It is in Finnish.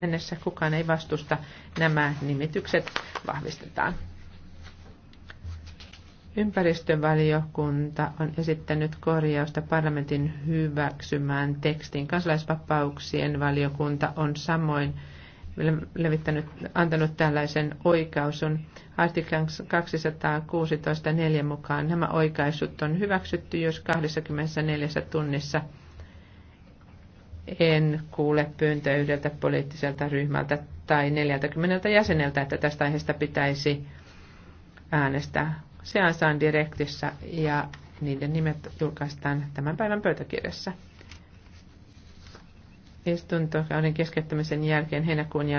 mennessä kukaan ei vastusta, nämä nimitykset vahvistetaan. Ympäristövaliokunta on esittänyt korjausta parlamentin hyväksymään tekstiin. Kansalaisvapauksien valiokunta on samoin levittänyt, antanut tällaisen oikaisun. Artiklan 216.4 mukaan nämä oikaisut on hyväksytty, jos 24 tunnissa en kuule pyyntöä yhdeltä poliittiselta ryhmältä tai 40 jäseneltä, että tästä aiheesta pitäisi äänestää. Se ansaan direktissä ja niiden nimet julkaistaan tämän päivän pöytäkirjassa. Istuntokauden keskeyttämisen jälkeen heinäkuun jälkeen